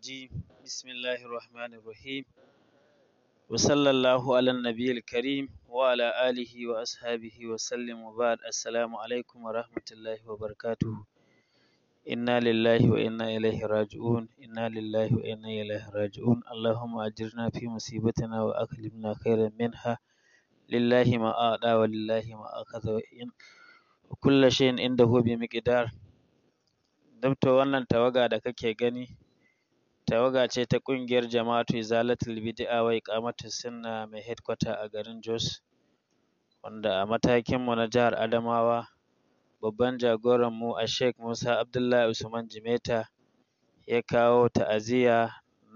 الرجيم بسم الله الرحمن الرحيم وصلى الله على النبي الكريم وعلى آله وأصحابه وسلم وبعد السلام عليكم ورحمة الله وبركاته إنا لله وإنا إليه راجعون إنا لله وإنا إليه راجعون اللهم أجرنا في مصيبتنا وأكلمنا خيرا منها لله ما أعطى ولله ما أخذ وكل شيء عنده بمقدار دمت wannan tawaga da kake gani Tawaga ce ta kungiyar Jama'atu Izalatul bid'a wa iqamatu sunna mai headquarter a garin Jos, wanda a matakinmu na jihar Adamawa, babban jagoran mu a Sheikh Musa Abdullahi Usman Jimeta ya kawo ta'aziyya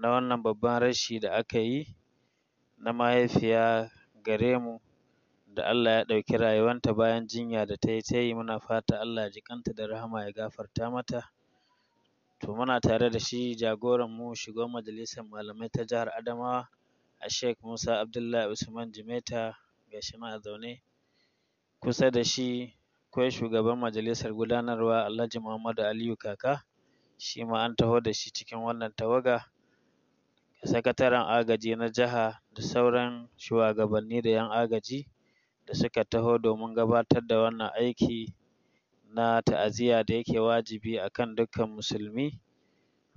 na wannan babban rashi da aka yi na mahaifiya gare mu da Allah ya ɗauki rayuwanta bayan jinya da ta yi ta yi. Muna fata Allah ya ji da rahama ya gafarta mata. To muna tare da shi jagoran mu shugaban majalisar malamai ta jihar Adamawa a Sheikh Musa Abdullahi Usman Jimeta ga shi a zaune. Kusa da shi akwai shugaban majalisar gudanarwa Alhaji Muhammadu Aliyu Kaka shi ma an taho da shi cikin wannan tawaga. Sakataren agaji na jiha da sauran shugabanni da 'yan agaji da suka taho domin gabatar da wannan aiki na ta'aziyya da yake wajibi a kan dukkan musulmi,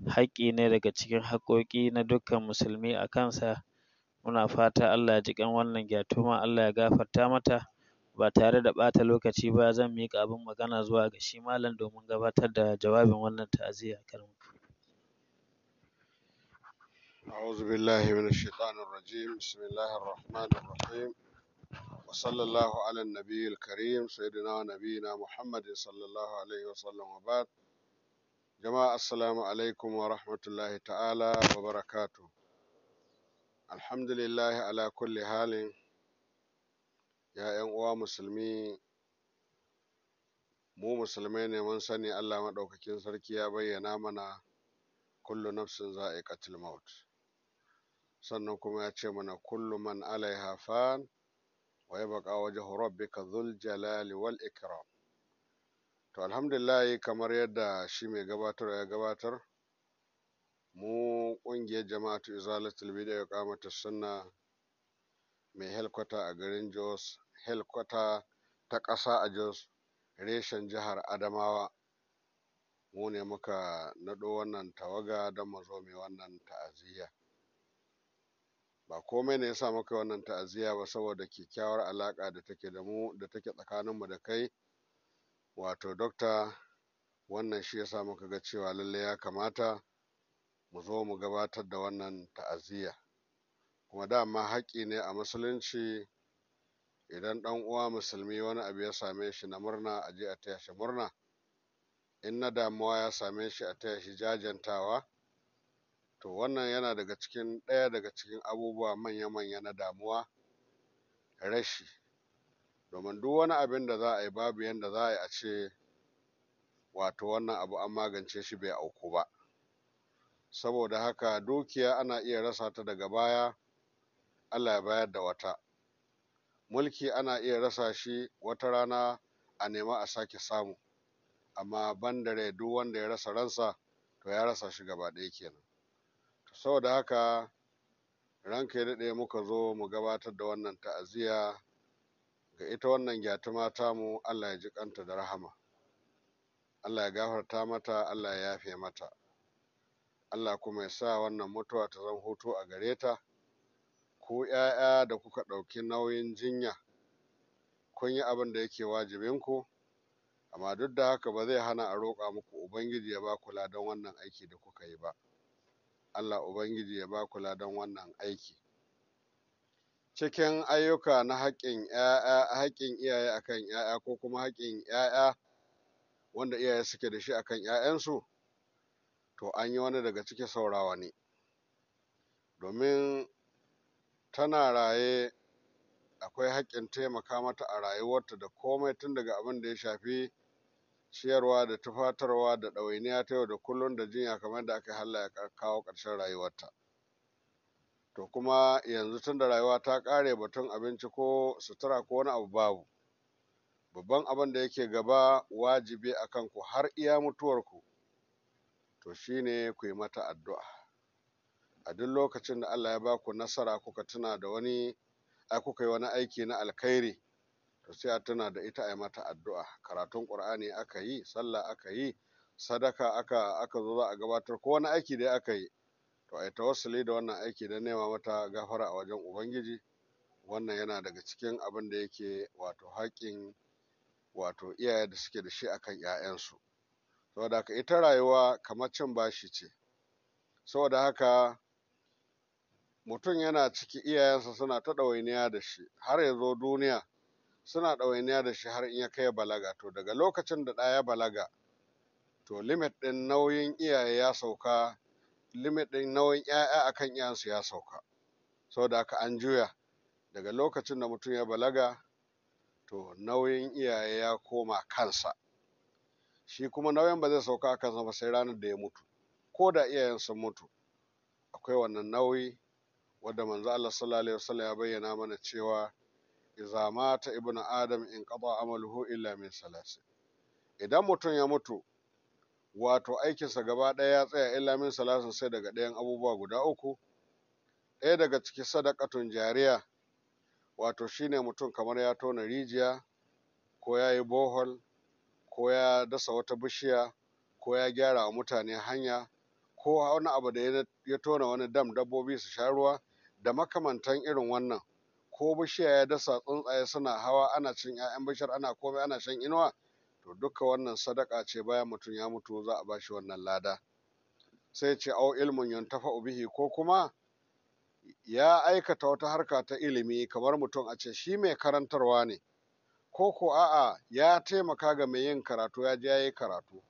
haƙƙi ne daga cikin haƙƙoƙi na dukkan musulmi a kansa. Muna fata Allah ya ƙan wannan gyatuma, Allah ya gafarta mata. Ba tare da ɓata lokaci ba zan miƙa abin magana zuwa ga shi malam domin gabatar da jawabin wannan ta'aziyya. أعوذ بالله من الشيطان الرجيم بسم الله الرحمن الرحيم وصلى الله على النبي الكريم سيدنا ونبينا محمد صلى الله عليه وسلم وبعد jama'a assalamu alaikum wa rahmatullahi ta'ala wa barakatu alhamdulillahi ala kulli halin ya uwa musulmi mu musulmai ne mun sani allah maɗaukakin sarki ya bayyana mana kullu nafsin za'iqatul maut sannan kuma ya ce mana kullu man alaiha ويبقى وجه ربك ذو الجلال والإكرام to alhamdulillah kamar yadda shi mai gabatar ya gabatar mu ƙungiyar jama'atu izalatul bida ya kamata sunna mai helkwata a garin jos helkwata ta ƙasa a jos reshen jihar adamawa mu ne muka naɗo wannan tawaga don mu zo mai wannan ta'aziyya ba komai ne ya sa maka wannan ta'aziyya ba saboda kyakkyawar alaƙa da take da mu da take tsakaninmu da kai wato dokta wannan shi ya sa muka ga cewa lallai ya kamata mu zo mu gabatar da wannan ta'aziyya kuma dama haƙƙi ne a musulunci idan ɗan uwa musulmi wani abu ya same shi na murna a je a taya shi murna in na damuwa ya same shi a taya shi jajantawa to wannan yana daga cikin ɗaya daga cikin abubuwa manya-manya na damuwa rashi domin duk wani abin da za a yi babu yadda za a yi a ce wato wannan abu an magance shi bai auku ba saboda haka dukiya ana iya rasa ta daga baya allah ya bayar da wata mulki ana iya rasa shi wata rana a nema a sake samu amma ban da duk wanda ya rasa ransa to ya rasa shi gaba ɗaya kenan saboda haka ranka ya daɗe muka zo mu gabatar da wannan ta'aziyya ga ita wannan mata mu, allah ya ji kanta da rahama allah ya gafarta mata allah ya yafe mata allah kuma ya sa wannan mutuwa ta zan hutu a gare ta ku 'ya'ya da kuka ɗauki nauyin jinya kun yi abin da yake wajibinku amma duk da haka ba zai hana a roƙa muku ubangiji ya ba kula don wannan aiki da kuka yi ba Allah Ubangiji ya ba kula ladan wannan aiki. Cikin ayyuka na haƙƙin haƙƙin iyaye akan ‘ya'ya ko kuma haƙƙin ‘ya'ya wanda iyaye suke da shi akan ‘ya'yansu, to an yi wani daga ciki saurawa ne. Domin tana raye akwai haƙƙin taimaka mata a rayuwarta da komai tun daga abin da ya shafi ciyarwa da tufatarwa da ɗawainiya ta yau da kullum da jinya kamar da aka halla ya kawo ƙarshen rayuwarta to kuma yanzu tun da rayuwa ta ƙare batun abinci ko sutura ko wani abu babu babban abin da yake gaba wajibi a kanku har iya mutuwarku to shine ku yi mata addu'a a duk lokacin da Allah ya baku nasara kuka tuna da wani kuka yi wani aiki na alkhairi to tana a da ita a mata addu'a karatun qur'ani aka yi sallah aka yi sadaka aka aka zo za a gabatar ko wani aiki da aka yi to ai tawassuli da wannan aiki da nema mata gafara a wajen ubangiji wannan yana daga cikin abin da yake wato haƙƙin wato iyaye da suke da shi akan 'ya'yansu saboda haka ita rayuwa kamar cin bashi ce saboda haka mutum yana ciki iyayensa suna ta ɗawainiya da shi har ya zo duniya suna ɗawainiya da shi har in ya kai ya balaga to daga lokacin da ɗaya balaga to limit ɗin nauyin iyaye ya sauka limit ɗin nauyin 'ya'ya akan iyayensu ya sauka da aka an juya daga lokacin da mutum ya balaga to nauyin iyaye ya koma kansa shi kuma nauyin ba zai sauka a kansa ba sai ranar da ya mutu ko da iyayen sun mutu akwai wannan nauyi wadda manzo Allah sallallahu alaihi wasallam ya bayyana mana cewa iza mata ibnu adam in qada amaluhu illa min salasin idan mutum ya mutu wato aikinsa gaba ɗaya ya tsaya illa min salasin sai daga ɗayan abubuwa guda uku ɗaya daga cikin sadakatun jariya wato shine mutum kamar ya tona rijiya ko ya yi bohol ko ya dasa wata bishiya ko ya gyara wa mutane hanya ko wani abu da ya tona wani dam dabbobi su sha ruwa da makamantan irin wannan ko bishiya ya dasa tsuntsaye suna hawa ana cin 'ya'yan bishiyar ana komai ana shan inuwa to duka wannan sadaka ce bayan mutum ya mutu za a bashi wannan lada sai ce au ilmun yantafa ubihi ko kuma ya aikata wata harka ta ilimi kamar mutum a ce shi mai karantarwa ne ko ko a'a ya taimaka ga mai yin karatu ya je ya yi karatu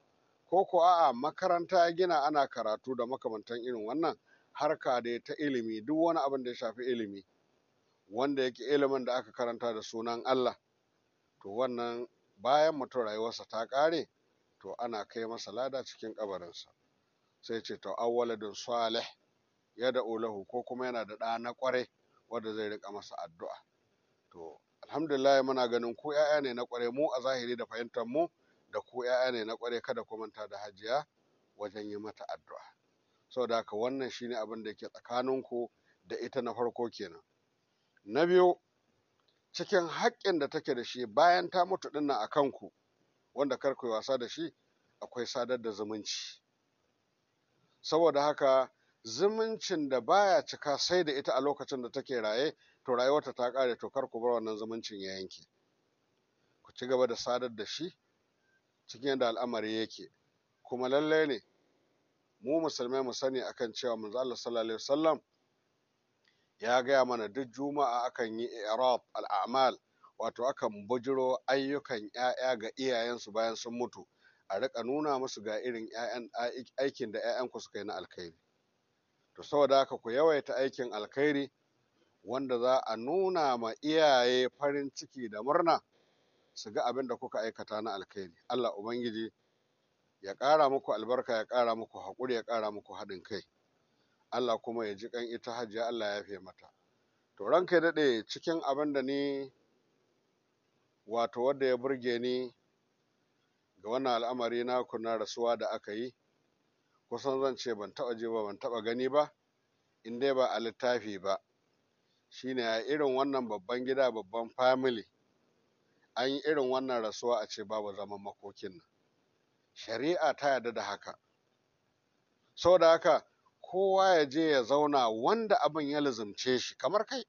ko ko a'a makaranta ya gina ana karatu da makamantan irin wannan harka dai ta ilimi duk wani abin da ya shafi ilimi wanda yake ilimin da aka karanta da sunan Allah to wannan bayan mutum rayuwarsa ta ƙare to ana kai masa lada cikin kabarinsa. sai ce to awwaladun salih ya da ulahu ko kuma yana da ɗa na ƙware wanda zai rika masa addu'a to alhamdulillah muna ganin ku ƴaƴa ne na ƙware mu a zahiri da fahimtar mu da ku ƴaƴa ne na ƙware kada ku manta da hajiya wajen yi mata addu'a saboda haka wannan shine abin da yake tsakaninku da ita na farko kenan na biyu cikin haƙƙin da take da shi bayan ta mutu ɗin a kanku wanda kar ku wasa da shi akwai sadar da zumunci saboda haka zumuncin da baya cika sai da ita a lokacin da take raye to rayuwarta ta kare to kar ku bar wannan zumuncin ya yanke ku ci gaba da sadar da shi cikin yadda al'amari yake kuma lallai ne mu musulmai mu sani akan cewa manzo Allah sallallahu alaihi wasallam ya gaya mana duk juma'a akan yi i'rab al'amal wato akan bujiro ayyukan 'ya'ya ga iyayensu bayan sun mutu a rika nuna musu ga irin aikin da 'ya'yanku suka yi na alkhairi to saboda haka ku yawaita aikin alkhairi wanda za a nuna ma iyaye farin ciki da murna su ga abin da kuka aikata na alkhairi Allah ubangiji ya ƙara muku albarka ya ƙara muku haƙuri ya ƙara muku haɗin kai Allah kuma ya ji kan ita hajiya Allah ya fi mata to ranka ya daɗe cikin abin da ni wato wadda ya burge ni ga wannan al'amari na kuna rasuwa da aka yi kusan zan ce ban taɓa ji ba ban taɓa gani ba in dai ba a littafi ba shine a irin wannan babban gida babban family an yi irin wannan rasuwa a ce babu zaman makokin nan shari'a ta yarda da haka sau da haka kowa ya je ya zauna wanda abin ya lazumce shi kamar kai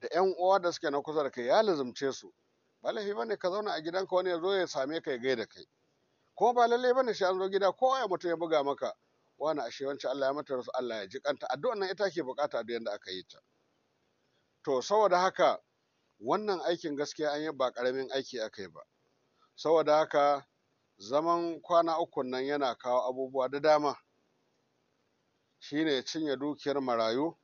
da 'yan uwa da suke na kusa da kai ya lazumce su ba laifi bane ka zauna a gidanka wani ya zo ya same ka ya gaida kai ko ba lallai bane shi an zo gida kowa ya mutum ya buga maka wani ashe wancan Allah ya mata rasu Allah ya ji kanta addu'an nan ita ke bukata da yanda aka yi ta to saboda haka wannan aikin gaskiya an yi ba karamin aiki aka yi ba saboda haka zaman kwana uku nan yana kawo abubuwa da dama shine ya cinye dukiyar marayu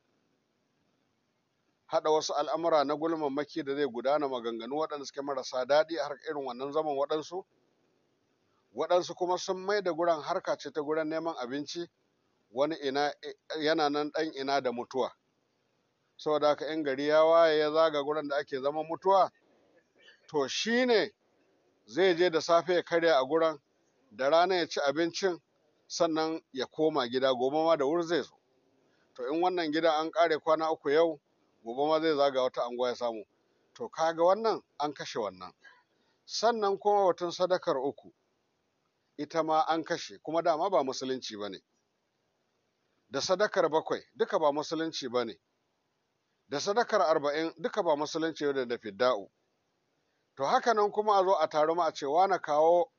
haɗa wasu al'amura na gulman maki da zai gudana maganganu waɗanda suke marasa daɗi a irin wannan zaman waɗansu waɗansu kuma sun mai da guran harka ce ta guran neman abinci wani ina yana nan ɗan ina da mutuwa saboda haka in gari ya waye ya zaga guran da ake zama mutuwa to shine zai je da safe ya karya a guran da rana ya ci abincin sannan ya koma gida gobe ma da wuri zai zo to in wannan gida an kare kwana uku yau gobe ma zai zaga wata anguwa ya samu to kaga wannan an kashe wannan sannan kuma watan sadakar uku ita ma an kashe kuma dama ba musulunci ba ne da sadakar bakwai duka ba musulunci ba ne da sadakar arba'in duka ba musulunci da da fidda'u to hakanan kuma a zo a taru ma a ce na kawo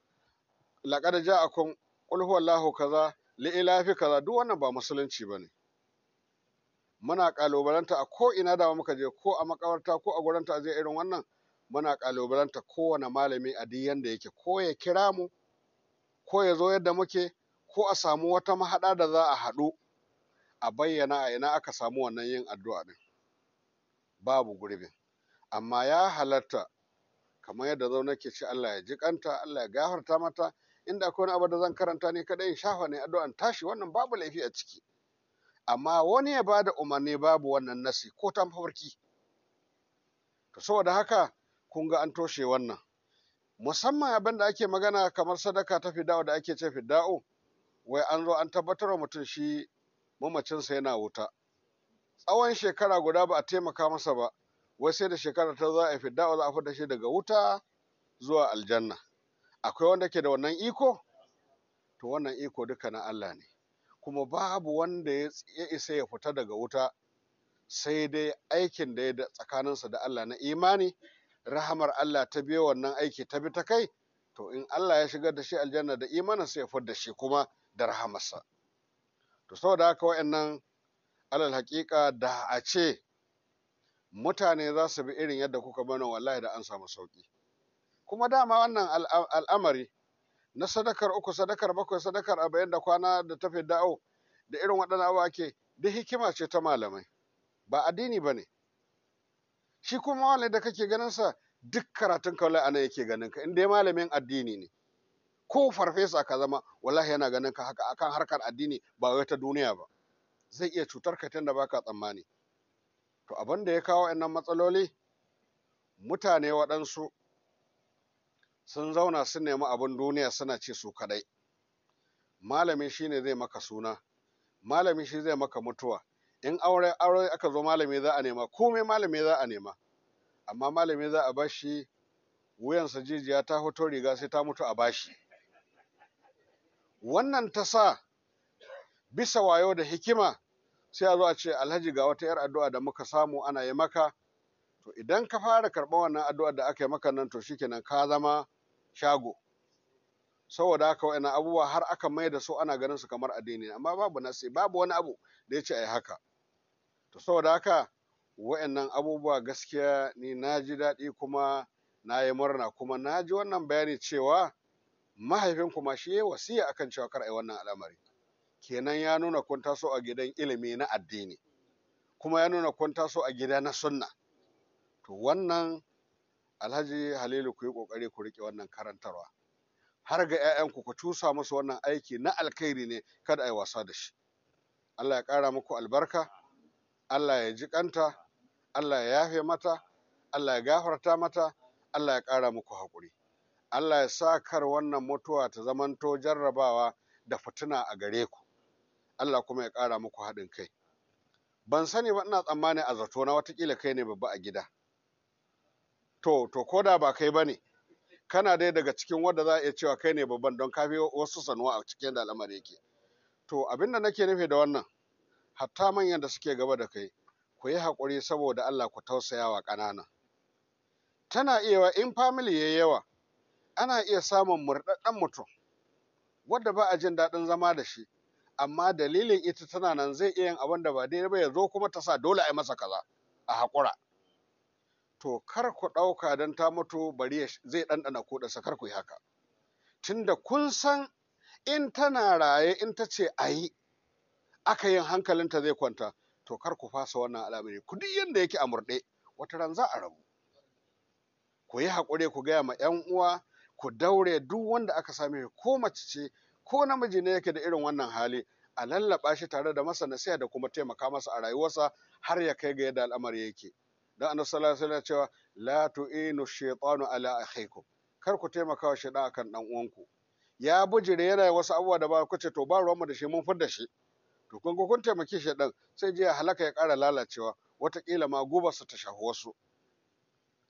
laƙada ja kun. qul huwallahu kaza li ilafi kaza duk wannan ba musulunci ba ne. muna kalubalanta a ko ina da muka je ko a makabarta ko a gurin je irin wannan muna kalubalanta kowane malami a duk yanda yake ko ya kira mu ko ya zo yadda muke ko a samu wata mahada da za a haɗu a bayyana a ina aka samu wannan yin addu'a din babu gurbi. amma ya halatta kamar yadda zaune ke ci Allah ya ji Allah ya gafarta mata inda akwai wani abu da zan karanta ne kadai in shafa ne addu'an tashi wannan babu laifi a ciki amma wani ya bada umarni babu wannan nasi ko ta mafarki to saboda haka kun ga an toshe wannan musamman abin da ake magana kamar sadaka ta fida'u da ake ce fidda'o wai an zo an tabbatar wa mutum shi mamacinsa yana wuta tsawon shekara guda ba a taimaka masa ba wai sai da shekara ta za a fida'u za a fita shi daga wuta zuwa aljanna akwai wanda ke da wannan iko to wannan iko duka na Allah ne kuma babu wanda ya isa ya fita daga wuta sai dai aikin da ya da tsakaninsa da Allah na imani rahamar Allah ta biye wannan aiki ta bi ta kai to in Allah ya shigar da shi aljanna da imanin sai ya fudda shi kuma da rahamarsa to saboda haka wa'annan alal haqiqa da a ce mutane za su bi irin yadda kuka mana wallahi da an samu sauki kuma dama wannan al'amari na sadakar uku sadakar bakwai sadakar arba'in da kwana da tafi da'o da irin waɗannan abu ake duk hikima ce ta malamai ba addini ba ne shi kuma wani da kake ganinsa duk karatun kawai a nan yake ganin ka inda malamin addini ne ko farfesa ka zama wallahi yana ganin ka haka akan harkar addini ba wai ta duniya ba zai iya cutar ka tunda baka tsammani to abin da ya kawo waɗannan matsaloli mutane waɗansu sun zauna sun nemi abin duniya suna ce su kaɗai malami shi ne zai maka suna malami shi zai maka mutuwa in aure aure aka zo malami za a nema komai malami za a nema amma malami za a bashi wuyansa jijiya ta hoto riga sai ta mutu a bashi wannan ta sa bisa wayo da hikima sai a zo a ce alhaji ga wata 'yar addu'a da muka samu ana yi maka to idan ka fara karɓar wannan addu'a da aka yi maka nan to shikenan ka zama shago saboda haka wa'annan abubuwa har aka mai da su ana ganin su kamar addini amma babu nasi babu wani abu da ya ce a yi haka to saboda haka wayannan abubuwa gaskiya ni na ji daɗi kuma na yi murna kuma na ji wannan bayani cewa mahaifin kuma shi ya wasiya akan cewa kar a yi wannan al'amari kenan ya nuna kun taso a gidan ilimi na addini kuma ya nuna kun taso a gida na sunna to wannan alhaji halilu ku yi ƙoƙari ku riƙe wannan karantarwa har ga 'ya'yanku ku cusa musu wannan aiki na alkhairi ne kada a yi wasa da shi allah ya ƙara muku albarka allah ya ji ƙanta, allah ya yafe mata allah ya gafarta mata allah ya ƙara muku haƙuri allah ya sa kar wannan mutuwa ta zamanto jarrabawa da fitina a gare ku allah kuma ya ƙara muku haɗin kai ban sani ba ina tsammani a zato na watakila kai ne babba a gida to to ko da ba kai bane kana dai daga cikin wanda za a iya cewa kai ne babban don ka fi wasu sanuwa a cikin da al'amari yake to abin da nake nufi da wannan hatta manyan da suke gaba da kai ku yi haƙuri saboda Allah ku tausaya wa ƙanana tana iya in family yayi yawa ana iya samun murɗaɗɗen mutum wadda ba a jin daɗin zama da shi amma dalilin ita tana nan zai iya yin abin da ba daidai ba ya zo kuma ta sa dole a yi masa kaza a haƙura to kar ku ɗauka don ta mutu bari zai ɗanɗana kuɗarsa kar ku yi haka Tun da kun san in tana raye in ta ce a yi aka yin hankalinta zai kwanta to kar ku fasa wannan al'amari ku duk yadda yake a murɗe wata ran za a rabu ku yi haƙuri ku gaya ma 'yan uwa ku daure duk wanda aka same ko mace ce ko namiji ne yake da irin wannan hali a lallaɓa shi tare da masa nasiha da kuma taimaka masa a rayuwarsa har ya kai ga yadda al'amari yake. dan annabi sallallahu alaihi wasallam cewa la tu'inu shaytanu ala akhikum kar ku taimaka wa shaytan akan dan uwanku ya bujire yana wasu abubuwa da ba ku ce to ba ruwanmu da shi mun da shi to kun kun taimaki sai je ya halaka ya ƙara lalacewa watakila ma guba su ta shafi wasu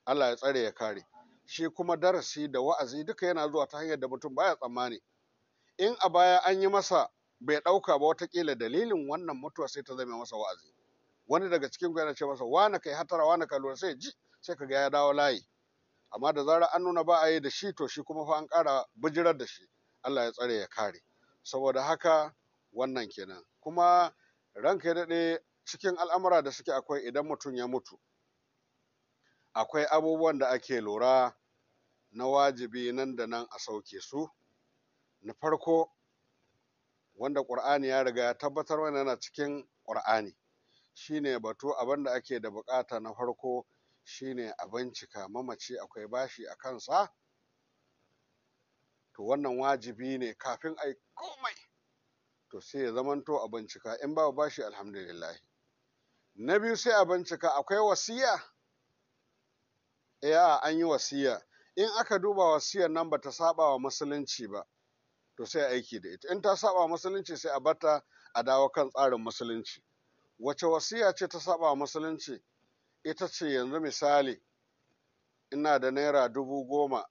Allah ya tsare ya kare shi kuma darasi da wa'azi duka yana zuwa ta hanyar da mutum baya tsammani in a baya an yi masa bai ɗauka ba watakila dalilin wannan mutuwa sai ta zame masa wa'azi wani daga cikin ku yana ce masa wani kai hatara wani kai lura sai ji sai ka ga ya dawo layi amma da zarar an nuna ba a yi da shi to shi kuma fa an ƙara bijirar da shi Allah ya tsare ya kare saboda haka wannan kenan kuma ranka ya daɗe cikin al'amura da suke akwai idan mutum ya mutu akwai abubuwan da ake lura na wajibi nan da nan a sauke su na farko wanda ƙur'ani ya riga ya tabbatar wannan yana cikin ƙur'ani shine batu abin da ake da bukata na farko shine a bincika mamaci akwai bashi a kansa to wannan wajibi ne kafin a komai to sai ya zamanto a bincika in babu bashi alhamdulillah na biyu sai a bincika akwai wasiya ya eh, an yi wasiya in aka duba wasiyar nan ba ta saba wa musulunci ba to sai aiki da ita in ta saba musulunci sai a bata a dawo kan tsarin musulunci wace wasiya ce ta saba musulunci ita ce yanzu misali ina da naira dubu goma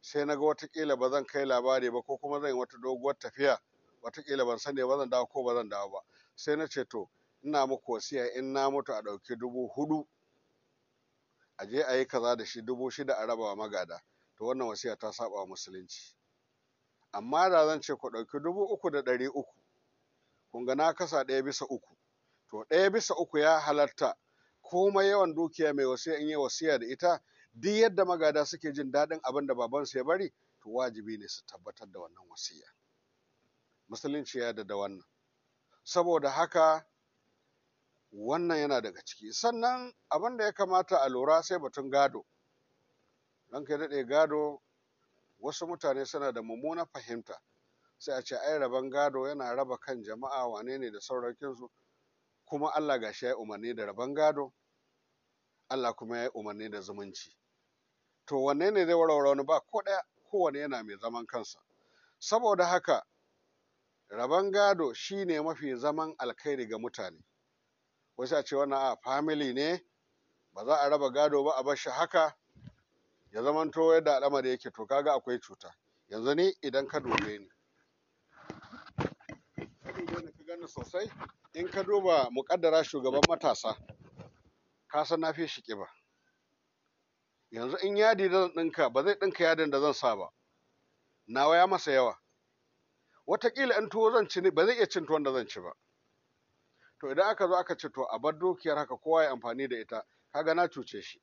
sai na ga watakila ba zan kai labari ba ko kuma zan yi wata doguwar tafiya watakila ban sani ba zan dawo ko ba zan dawo ba sai na ce to ina muku wasiya in na mutu a ɗauki dubu hudu a je a yi kaza da shi dubu shida a raba magada to wannan wasiya ta saba wa musulunci amma da zan ce ku ɗauki dubu uku da ɗari uku kun ga na kasa ɗaya bisa uku to ɗaya bisa uku ya halarta komai yawan dukiya mai wasiya in yi wasiya da ita duk yadda magada suke jin daɗin abin da babansu ya bari to wajibi ne su tabbatar da wannan wasiya musulunci ya da wannan saboda haka wannan yana daga ciki sannan abin da ya kamata a lura sai batun gado don ka daɗe gado wasu mutane suna da mummuna fahimta sai a ce ai raban gado yana raba kan jama'a wane ne da saurakinsu kuma Allah gashi ya umarni da rabon gado Allah kuma ya umarni da zumunci to wanne ne zai warware wani ba ko ɗaya kowane yana mai zaman kansa saboda haka rabon gado shi ne mafi zaman alkhairi ga mutane wasu a ce wannan a family ne ba za a raba gado ba a bar shi haka ya zamanto yadda al'amari yake to kaga akwai cuta yanzu ni idan ka dube ni ka gani sosai in ka duba muƙaddara shugaban matasa ka san na fi shi ƙiba yanzu in yadi da zan ɗinka ba zai ɗinka yadin da zan sa ba nawa ya masa yawa wataƙila in tuwo zan ci ne ba zai iya cin tuwon da zan ci ba to idan aka zo aka ce to a bar dukiyar haka kowa ya amfani da ita kaga na cuce shi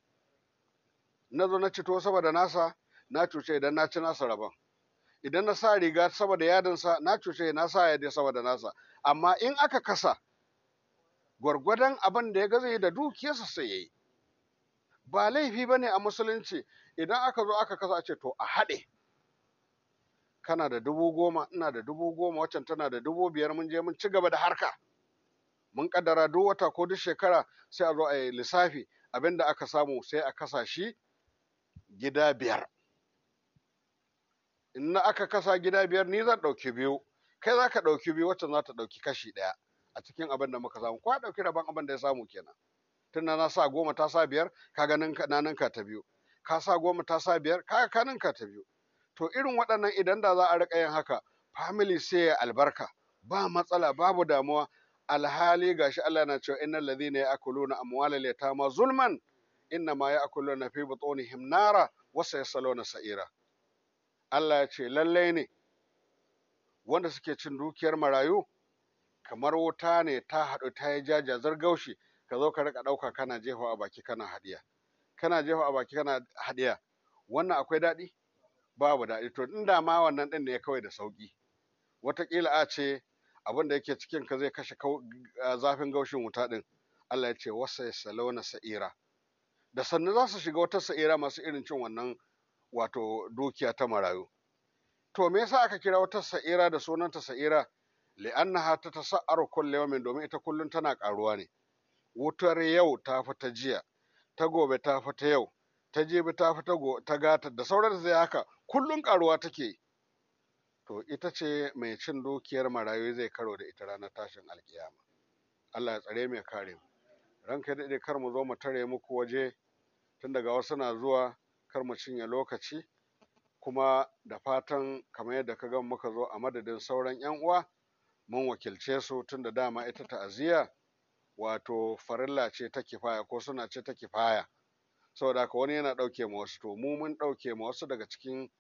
na zo na ci tuwo saboda nasa na cuce idan na ci nasa rabon idan na sa riga saboda yadinsa na cuce na sa yadi saboda nasa amma in aka kasa gwargwadon abin da ya gaza da dukiyarsa sai ya yi ba laifi ba ne a musulunci idan aka zo aka kasa a ce to a haɗe kana da dubu goma ina da dubu goma waccan tana da dubu biyar mun je mun ci gaba da harka mun kaddara duk wata ko duk shekara sai a zo a yi lissafi abin da aka samu sai a kasa shi gida biyar in na aka kasa gida biyar ni zan ɗauki biyu kai za ka ɗauki biyu wacce za ta ɗauki kashi ɗaya a cikin abin da muka samu ko a ɗauki rabon abin da ya samu kenan Tunda na sa goma ta sa biyar ka ga na ka ta biyu ka sa goma ta sa biyar ka ka ta biyu to irin waɗannan idan da za a rika yin haka family sai ya albarka ba matsala babu damuwa alhali gashi Allah na cewa innal ladhina ya'kuluna amwalal yatama zulman inna ma ya'kuluna fi butunihim nara wa sayasaluna sa'ira Allah ya ce lallai ne wanda suke cin dukiyar marayu kamar wuta ne ta haɗu ta yi jajazar gaushe ka zo ka rika ɗauka kana jefa a baki kana haɗiya kana jefa a baki kana haɗiya wannan akwai daɗi babu daɗi to inda ma wannan ɗin ne kawai da sauƙi wataƙila a ce abin da yake cikin ka zai kashe zafin gaushin wuta ɗin Allah ya ce wasa ya salo na sa'ira da sannu za su shiga wata sa'ira masu irin cin wannan wato dukiya ta marayu to me yasa aka kira wata sa'ira da sunanta sa'ira li'annaha ta tasa'aru kullu yawmin domin ita kullun tana karuwa ne wutar yau ta fita jiya ta gobe ta fita yau ta jibi ta fita ta gata da sauran zai haka kullun karuwa take to ita ce mai cin dukiyar marayu zai karo da ita ranar tashin alkiyama Allah ya tsare mu ya kare mu ranka daɗe kar mu zo mu tare muku waje tun daga wasu na zuwa kar mu cinye lokaci kuma da fatan kamar yadda ka gan muka zo a madadin sauran 'yan uwa mun wakilce su tun da dama ita ta'aziyya wato farilla ce ta kifaya ko suna ce ta kifaya saboda haka wani yana ɗauke ma wasu to mu mun ɗauke ma wasu daga cikin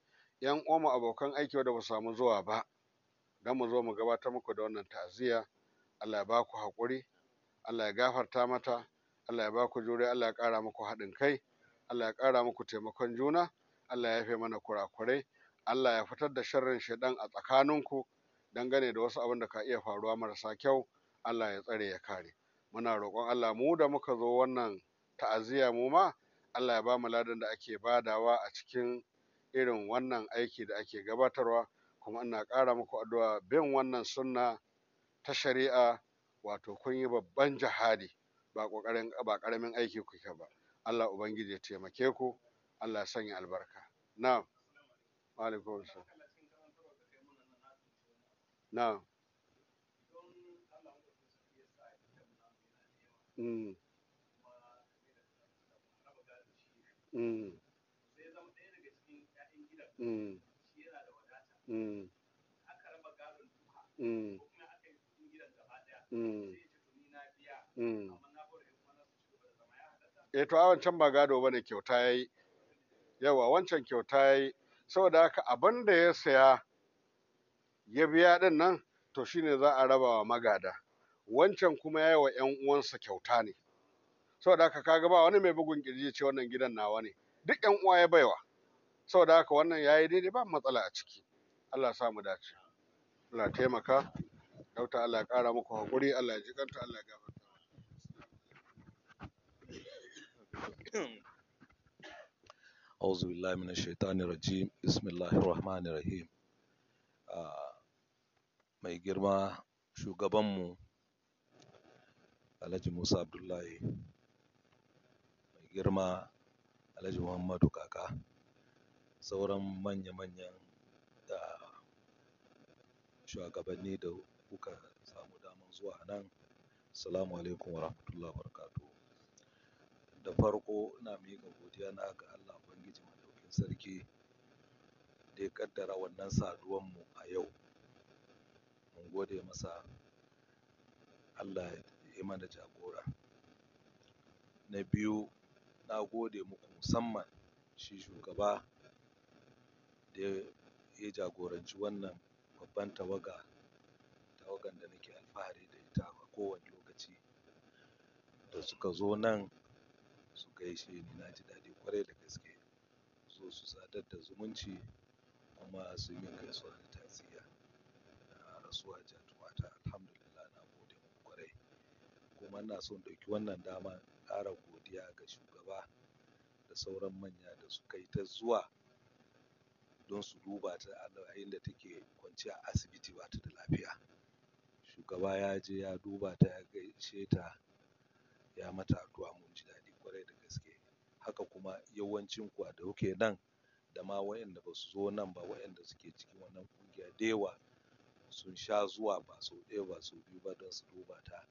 'yan uwa abokan aiki wanda ba samu zuwa ba don mu zo mu gabatar muku da wannan ta'aziyya Allah ya ba ku haƙuri Allah ya gafarta mata Allah ya ba ku jure Allah ya ƙara muku haɗin kai Allah ya ƙara muku taimakon juna Allah ya yafe mana kurakurai Allah ya fitar da sharrin shaidan a tsakaninku dangane da wasu abin da ka iya faruwa marasa kyau Allah ya tsare ya kare muna roƙon Allah mu da muka zo wannan ta'aziyya mu ma Allah ya ba mu ladan da ake badawa a cikin irin wannan aiki da ake gabatarwa kuma ina ƙara muku addu'a bin wannan sunna ta shari'a wato kun yi babban jihadi ba ƙoƙarin ba ƙaramin aiki kuke ba Allah Ubangiji ya taimake ku Allah sanya albarka na'am alaikum na'am mm. Mm. Mm. Mm. Mm. Mm. eh to wancan ba gado ba ne kyauta ya yi yawa wancan kyauta ya yi, saboda haka abin da ya saya ya biya din nan to shi ne za a raba wa magada wancan kuma ya yi wa 'yan uwansa kyauta ne saboda haka kaga ba wani mai bugun kirji ce wannan gidan nawa ne duk 'yan uwa ya baiwa saboda haka wannan ya yi daidai ba matsala a ciki Allah sa mu dace Allah taimaka dauta Allah ya ƙara muku haƙuri Allah ya jikanta Allah ya أعوذ بالله من الشaitanir rajim bismillahir rahmanir rahim ah, mai girma shugabanmu alhaji musa abdullahi mai girma alhaji muhammadu kaka sauran manya-manyan shugabanni da kuka samu damar zuwa nan Salamu alaikum wa warahmatullahi wabarakatuh da farko ina miƙa godiya na ga Allah Ubangiji Madaukin Sarki da ya ƙaddara wannan saduwan mu a yau mun gode masa Allah ya yi mana jagora na biyu na gode muku musamman shi shugaba da ya jagoranci wannan babban tawaga tawagan da nake alfahari da ita a kowane lokaci da suka zo nan su gaishe ni na ji daɗi kwarai da gaske so su sadar da zumunci kuma su yi gaisuwa da taziya a ah, rasuwa jatuwata alhamdulillah na gode muku kwarai kuma ina son ɗauki wannan dama ƙara godiya ga shugaba da sauran manya da suka yi ta zuwa don su duba ta a da take kwanciya a asibiti ba ta da lafiya shugaba ya je ya duba ta ya gaishe ta ya mata addu'a mun ji daɗi haka kuma yawancin ku da kuke nan da ma waɗanda ba su zo nan ba waɗanda suke cikin wannan ƙungiya da yawa sun sha zuwa ba sau ɗaya ba sau biyu ba don su duba ta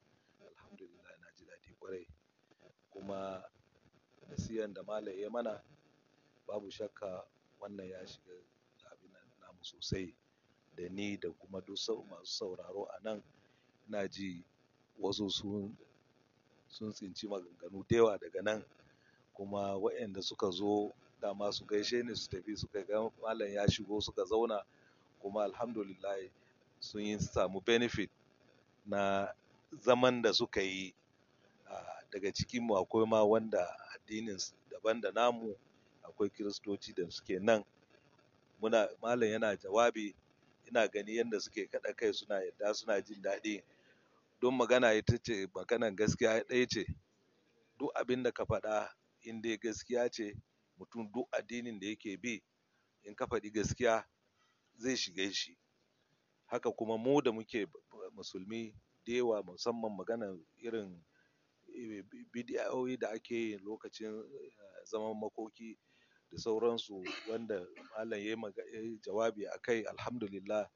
alhamdulillah na ji daɗi ƙwarai kuma nasiyan da malam ya mana babu shakka wannan ya shiga abin namu sosai da ni da kuma duk masu sauraro a nan ina ji wasu sun sun tsinci maganganu da daga nan kuma waɗanda suka zo dama su gaishe ni su tafi suka ga malam ya shigo suka zauna kuma alhamdulillah sun yi samu benefit na zaman da suka yi daga cikinmu akwai ma wanda addinin daban da namu akwai kiristoci da suke nan muna malam yana jawabi ina gani yadda suke kaɗa kai suna yadda suna jin daɗi don magana ita ce maganan gaskiya ɗaya ce duk abin da ka faɗa in dai gaskiya ce mutum duk addinin da yake bi in ka faɗi gaskiya zai shige shi haka kuma mu da muke musulmi da yawa musamman magana irin eh, bidiyoyi da ake yi lokacin eh, zaman makoki da sauransu wanda malam ya yi jawabi a kai alhamdulillah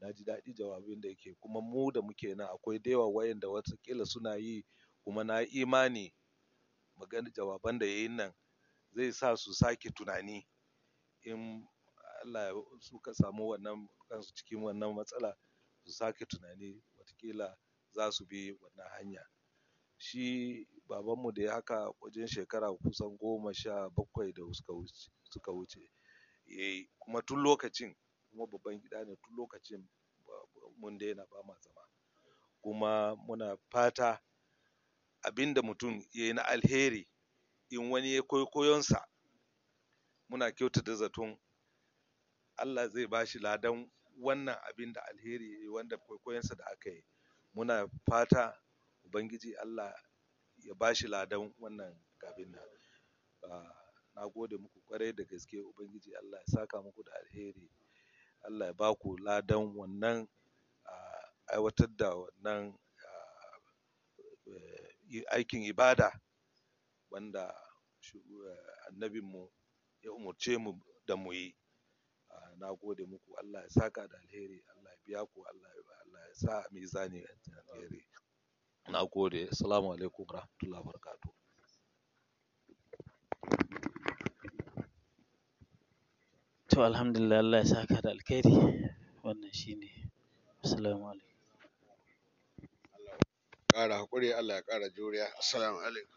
na ji daɗi jawabin da yake kuma mu da muke nan akwai da yawa wata watakila suna yi kuma na imani magana jawaban da yayin nan zai sa su sake tunani in Allah Ya suka samu wannan kansu cikin wannan matsala su sake tunani watakila za su bi wannan hanya shi babanmu da ya haka wajen shekara kusan goma sha bakwai da suka wuce kuma tun lokacin kuma babban gida ne tun lokacin mun daina ba ma zama kuma muna fata Abin da mutum ya yi na alheri in wani ya koyonsa muna kyautata zaton Allah zai bashi shi ladan wannan abin da alheri wanda kwaikwayonsa da aka yi muna fata ubangiji Allah ya bashi shi ladan wannan abin nan ah, na gode muku kwarai da gaske ubangiji Allah ya saka muku da alheri Allah ya baku ku ladan wannan ah, aiwatar da wannan aikin ibada wanda eh, annabinmu ya umarce mu da mu yi na gode muku Allah ya saka da alheri Allah ya biya ku Allah ya sa mizani alheri na gode assalamu alaikum rahmatullahi wabarakatuh to alhamdulillah Allah ya saka da alkhairi wannan shine assalamu alaikum ƙara haƙuri, Allah ya ƙara juriya. Assalamu alaikum.